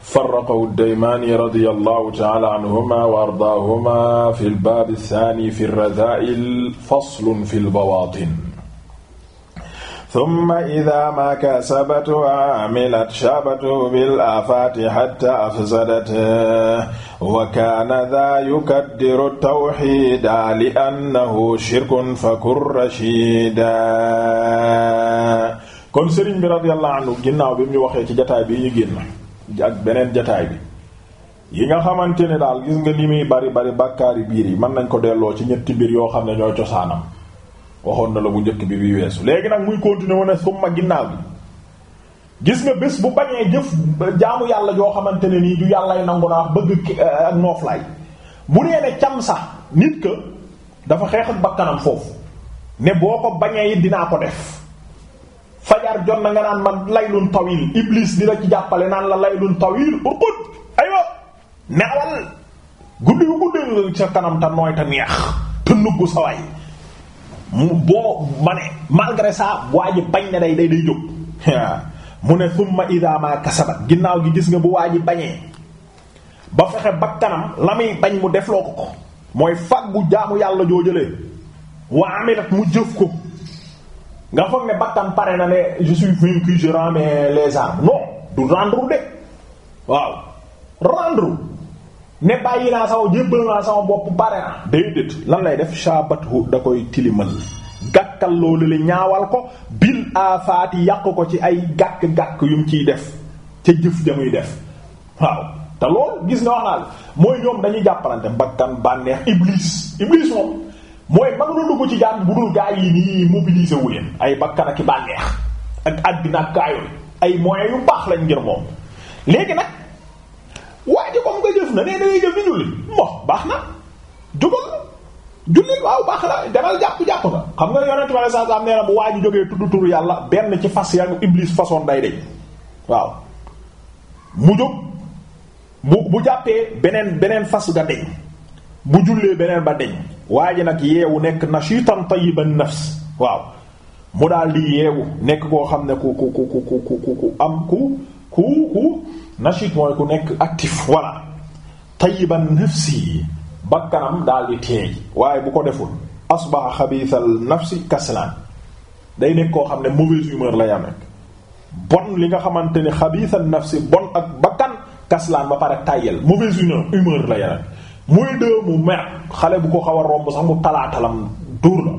farraqahu daymaani radiyallahu ta'ala anhuma wa ardaahuma fil baabi saani fi razaa'il faslun fil bawaatin. summa idaa maa kasabat amilat shaabatu bil aafaati hattaa afsadat wa kaana daa yukaddiru tawxiida li annahu shirkun fakun rashiida. kon sëriñ bi radiyallahu anhu ginnaaw bi mu waxee ci jotaay bi ñu génn. ak beneen jataay bi yi nga xamante ne daal gis nga li muy bari bari bàkkaari biir yi mën nañ ko delloo ci ñetti mbir yoo xam ne ñooy cosaanam waxoon na la bu njëkk bi bi weesu léegi nag muy continuer mu ne summa ginnaaw bi gis nga bés bu bañee jëf jaamu yàlla joo xamante ne nii du yàllay nangu naa bëgg eh, ak nooflaay bu nee ne cam sax nit ka dafa xeex ak bakkanam foofu ne boo ko bañee it dinaa ko def fajar jot na nga naan man laylun tawil iblis di la ci jàppale naan la laylun tawil urqud aywa neexal guddi gu guddi sa kanam te nooy te neex te nugg sa waay mu boo ma ne malgré ça waa ji bañ na day day day jóg mu ne thumma idha ma kasabat ginnaaw gi gis nga bu waa ji bañee ba fexe bakkanam la muy bañ mu defloo ko ko mooy fàggu jaamu yàlla joo jëlee wa amilat mu jëf ko nga foog ne bakkan pare na ne je suis vaincu les armes non du rendre de waaw rendre ne bàyyi naa sama jébbal naa sama bopp pare na déedéet lan lay def shaabatu da koy tilimal gàkkal loolu la ñaawal ko bil afaati yàq ko ci ay gàkk-gàkk yum ciy def ca jëf ja muy def waaw te loolu gis nga wax naa la mooy ñoom dañuy jàppalante bakkan bànneex iblis iblis moom mooy mag lu dugg ci jàng bu dul gaa yi nii mobiliser wu leen ay bakkan ak i bànneex ak àddina ak kaayoon ay moyens yu baax lañ ngir moom léegi nag waaye ji comme nga jëf na nee dangay jëf ni julli moo baax na jógal julli waaw baax na demal jàpp jàpp nga xam nga yonent bi saa saa nee na bu waa ji jógee tudd turu yàlla benn ci fas yàgg iblis façon day day waaw mu jóg bu bu jàppee beneen beneen fas ga day bu jullee beneen ba deñ waa nag yeewu nekk nashitan tayyiban nafs waaw mu daal di yeewu nekk koo xam ne ku ku ku ku ku ku am ku ku ku nashit mooy ku nekk actif walla tayyiban nafsi bakkanam daal di teey waaye bu ko deful asbaha xabiisal nafsi kaslaan day nekk koo xam ne mauvaise humeur lay am rek bon li nga xamante ni xabiisal nafsi bon ak bakkan kaslaan ba pare tàyyel mauvaise humeur humeur lay am muy dee mu mer xale bu ko xaw a romb sax mu talaatalam duur la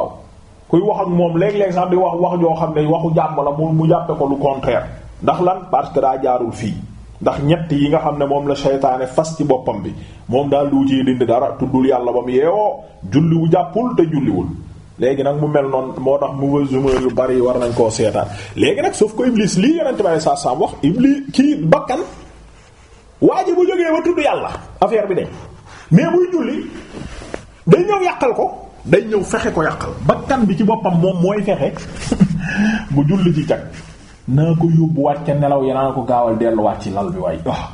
waaw kuy wax ak moom léeg-léeg sax di wax wax joo xam ne waxu jàmm la mu mu jàppe ko lu contraire ndax lan parce que daa jaarul fii ndax ñett yi nga xam ne moom la seytaane fas ci boppam bi moom daal du ci dindi dara tuddul yàlla ba mu yeewoo julliwu jàppul te julliwul léegi nag mu mel noonu moo tax mauvaise humeur yu bari war nañ koo seetaan léegi nag sauf ko iblis lii yonent bi saa saa wax iblis kii bakkan waa ji bu jógee ba tudd yàlla affaire bi de mais buy julli day ñëw yàqal ko day ñëw fexe ko yàqal bakkan bi ci boppam moom mooy fexe bu julli ci cag naa ko yóbbuwaat ca nelaw ya naa ko gaawal delluwaat ci lal bi waay waaw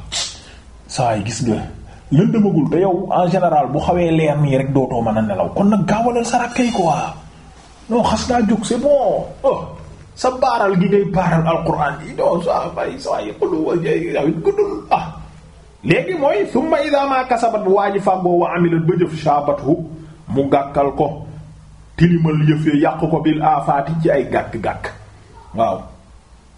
ah, gis nga lëndëmagul te yow en général bu xawee leer nii rek dootoo mën a nelaw kon nag gaawalal sa rakk yi quoi non xas naa jóg c'est bon oh sa baaral gi ngay baaral alquran yi non saa bay saa yi xulu wajay awit léegi mooy summa idaa maa kasabat waa ji fàggoo wa amilat ba jëf shaabatu mu gàkkal ko tilimal yëf yàq ko bil aafaati ci ay gàkk-gàkk waaw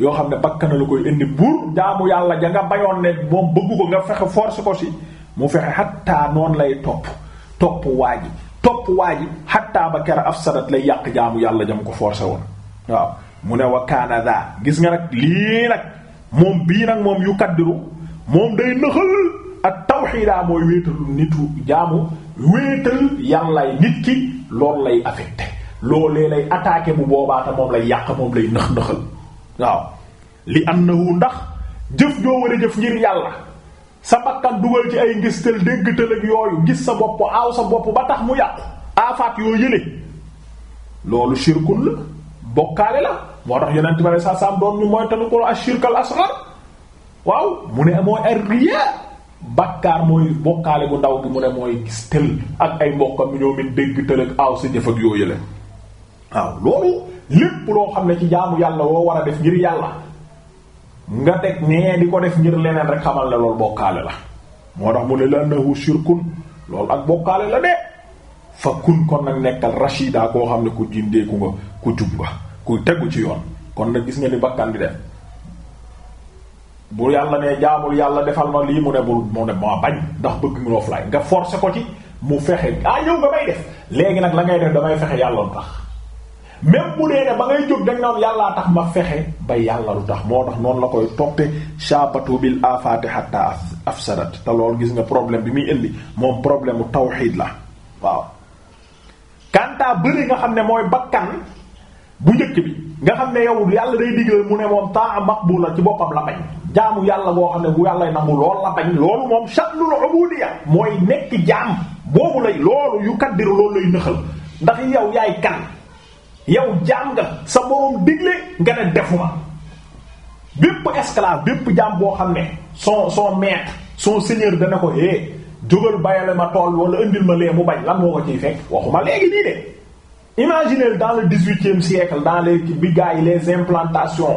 yoo xam ne bakkana la koy indi buur jaamu yàlla ja nga bayoon ne moom bëggu ko nga fexe force ko si mu fexe xattaa noonu lay topp topp waa ji topp waa ji xattaa ba kera afsadat lay yàq jaamu yàlla jam ko forcé woon waaw mu ne wa kaana gis nga nag lii nag moom bii nag moom yu kaddiru moom day nëxal ak tawxiidaa mooy wéetalu nit jaamu wéetal yàllaay nit ki loolu lay affecté loolee lay attaqué bu boobaata moom lay yàq moom lay nëx nëxal waaw li annahu ndax jëf joo war a jëf ngir yàlla sa bakkan dugal ci ay ngistal déggtal ak yooyu gis sa bopp aaw sa bopp ba tax mu yàqu aafaat yoo yële loolu shirkun la bokkaale la moo tax yonent bi sallallahu alayhi doon ñu mooy tamit ko ashirkal asghar waaw mu ne mooy arrière bàkkaar mooy bokkaale bu ndaw gi mu ne mooy gis tël ak ay mbokkam mi min dégg tël ak aaw sa jëf ak yooyu la waaw loolu lépp loo xam ne ci jaamu yàlla woo war a def ngir yàlla nga teg nee di ko def ngir leneen rek xamal ne loolu bokkaale la moo tax mu ne la annahu shirkun loolu ak bokkaale la de fa kun kon nag nekkal rashida koo xam ne ku jindeeku nga ku jub nga ku tegu ci yoon kon nag gis nga ni bakkan di def bu yàlla ne jaamul yàlla defal ma lii mu ne bul mu ne ma bañ ndax bëgg mu roof laay nga forcer ko ci mu fexe ah yow nga may def léegi nag la ngay def damay fexe yàlla lu tax même mu dee ne ba ngay jóg dañ naan yàllaa tax ma fexe ba yàlla lu tax moo tax noonu la koy toppe shabatu bil afati hatta afsadat te lool gis nga problème bi muy indi moom problème mu tawxiid la waaw kantaa bëri nga xam ne mooy bakkan bu njëkk bi nga xam ne yow yàlla day digal mu ne moom temps maqbula ci boppam la jaamu yàlla boo xam ne bu yàlla nangu lool la bañ loolu moom shatlul ubudiyya mooy nekk jaam boobu lay loolu yu kaddiru loolu lay nëxal ndax yow yaay kan yow jaam nga sa borom digle nga ne defuma bépp esclave bépp jaam boo xam ne son son maître son seigneur dana ko é eh, jógal bayale ma tool wala indil ma lee mu bañ lan moo ko ciy fekk waxuma léegi nii de imaginez dans le dix-huitième siècle dans les bi gars yi les implantations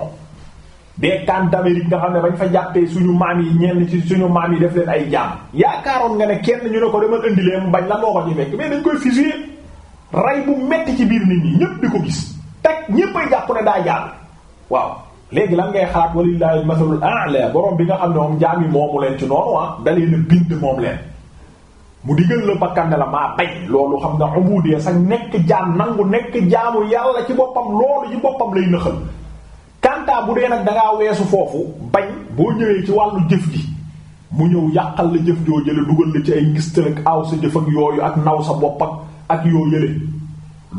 bekkaan d'Amérique nga xam ne bañ fa jàppee suñu maam yi ñenn ci suñu maam yi def leen ay jaam yaakaaroon nga ne kenn ñu ne ko demal indi leen bañ la moo ko ci fekk mais dañ koy fusillé rey bu metti ci biir nit ñi ñépp di ko gis teg ñépp ay jàpp ne daa jaam waaw léegi lan ngay xalaat walillahi masalul a'la borom bi nga xam ne moom jaam yi moomu leen ci noonu ah dalee na bind moom leen mu digal la bakkan ne la maa bañ loolu xam nga ubudiyya sax nekk jaam nangu nekk jaamu yàlla ci boppam loolu ci boppam lay nëxal kantaa bu dee nag dangaa weesu foofu bañ boo ñëwee ci wàllu jëf gi mu ñëw yàqal la jëf joo jële dugal la ci ay ngistal ak aw sa jëf ak yooyu ak naw sa bopp ak ak yoo yële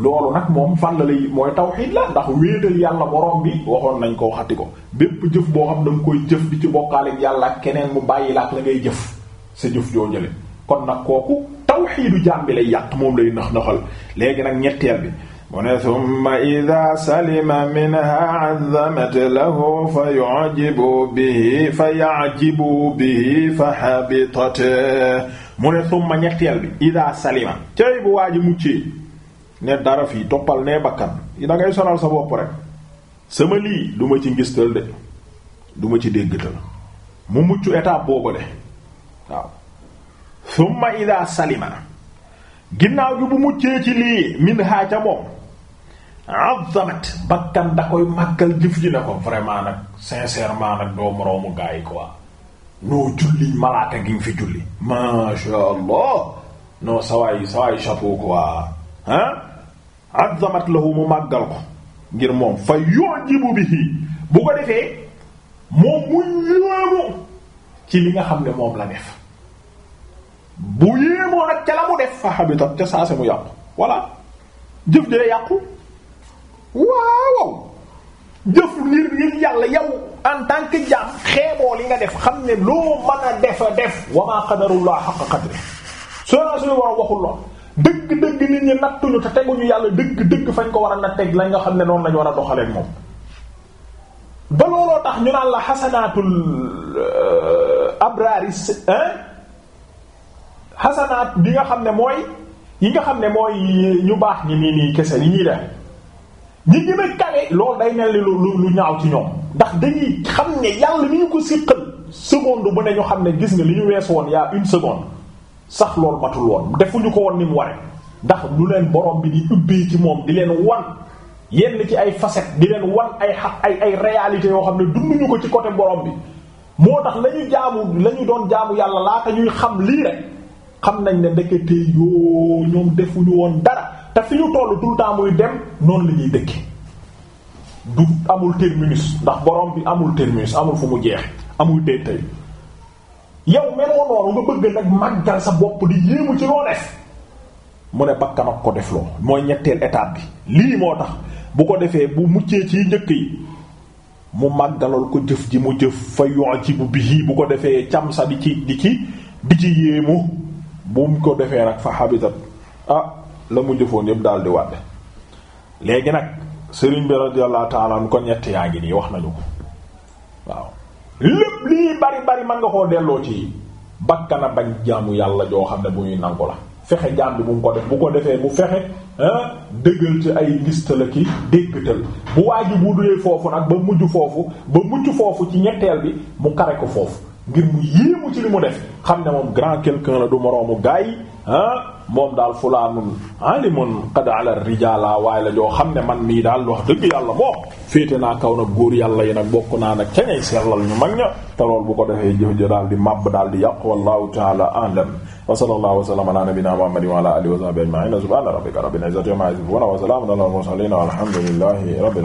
loolu nag moom fan la lay mooy tawxiid la ndax wéetal yàlla borom bi waxoon nañ ko waxati ko bépp jëf boo xam da nga koy jëf di ci bokkaaleek yàlla ak keneen mu bàyyi la ak la ngay jëf sa jëf joo jële kon nag kooku tawxiidu jaam bi lay yàq moom lay nax naxal léegi nag ñetteel bi mu ne summa ida salima minha azzamat lahu fa yujibu fa yajibu muccee ne dara fii toppal nee bakkan yi ngay sonal sa bopp rek sama lii du ci ngistal de du ci déggtal mu mucc étape boobu de waaw summa ida salima ginnaaw gi bu muccee ci lii min haa ca moom azzamat bakkan da koy màggal jëf ji ne ko vraiment nag sincèrement nag doo moroomu gaa yi quoi noo julli malaaka gi nga fi julli masha allah non sawaay sawaay chapeau quoi ah azzamat lahu mu màggal ko ngir moom fa yujibu bihi bu ko defee moom mu yéemu ci li nga xam ne moom la def bu yéemoo nag ca la mu def fa habitat ca saa si mu yàqu voilà jëf dee yàqu waaw jëf ngir ngir yàlla yow en tant que jaam xeeboo li nga def xam ne loo mën a defa def wa maa qadarullah xaqa qadri sona suñu war a waxul lool dëgg-dëgg nit ñi nattuñu te teguñu yàlla dëgg-dëgg fañ ko war a teg lañ nga xam ne noonu lañ war a doxaleen moom ba looloo tax ñu naa la xasanaatul euh, abraari xasanaat bi nga xam ne mooy yi nga xam ne mooy ñu baax ñi nii nii kese yi ñuy def ñi gën a kawe loolu day mel ni lu lu ñaaw ci ñoom ndax dañuy xam ne yàlla ni ñu ko siqal seconde bu ne ñu xam ne gis nga li ñu wees woon yaa une seconde sax loolu matul woon defuñu ko woon ni mu waree ndax lu leen borom bi di ubbee ci moom di leen wan yenn ci ay facettes di leen wan ay xa ay ay réalités yoo xam ne dunduñu ko ci côté borom bi moo tax la ñu jaamu la ñu doon jaamu yàlla laata ñuy xam lii rek xam nañ ne ndeketee yoo ñoom defuñu woon dara. te fi ñu toll tout le temps dem noonu la ñuy dëkk du amul terminus ndax borom bi amul terminus amul fu mu jeex amul déetay yow meloo noonu nga bëgg nag màggal sa bopp di yéemu ci loo def mu ne bakkan ak ko def loo mooy ñetteel étape bi lii moo tax bu ko defee bu muccee ci njëkk yi mu màggalal ko jëf ji mu jëf fa yoon ci bu bihi bu ko defee cam sa di ci di ci di ci yéemu bu mu ko defee nag fa habitat ah, la mu jëfoon yëpp daal di wàdde léegi nag sëriñ bi radiyallahu ta'ala an ko ñett yaa ngi nii wax nañu ko waaw lépp lii bari bari man nga koo delloo ci bakkana bañ jaamu yàlla joo xam ne bu ñuy nangu la fexe jaam bi bu mu ko def bu ko defee bu fexe ah, dëggal ci ay ngistal ki déggtal bu waaju bu duyee foofu nag ba mujj foofu ba mujj foofu ci ñetteel bi mu kare ko foofu ngir mu yéemu ci li mu def xam ne moom grand quelqu'un la du moroomu gaay ah moom daal fulaanun alimun qad ala rijala waaye la joo xam ne man mii daal wax dëgg yàlla moom féete naa kaw nag góor yàlla yi nag bokk naa nag ca ñay sellal ñu mag ña bu ko defee jëf ja daal di màbb daal di yàq wallahu taala a'lam wa sallallahu wa sallama ala nabiyyina muhammadin wa ala alihi wa sahbihi wa salamun ala al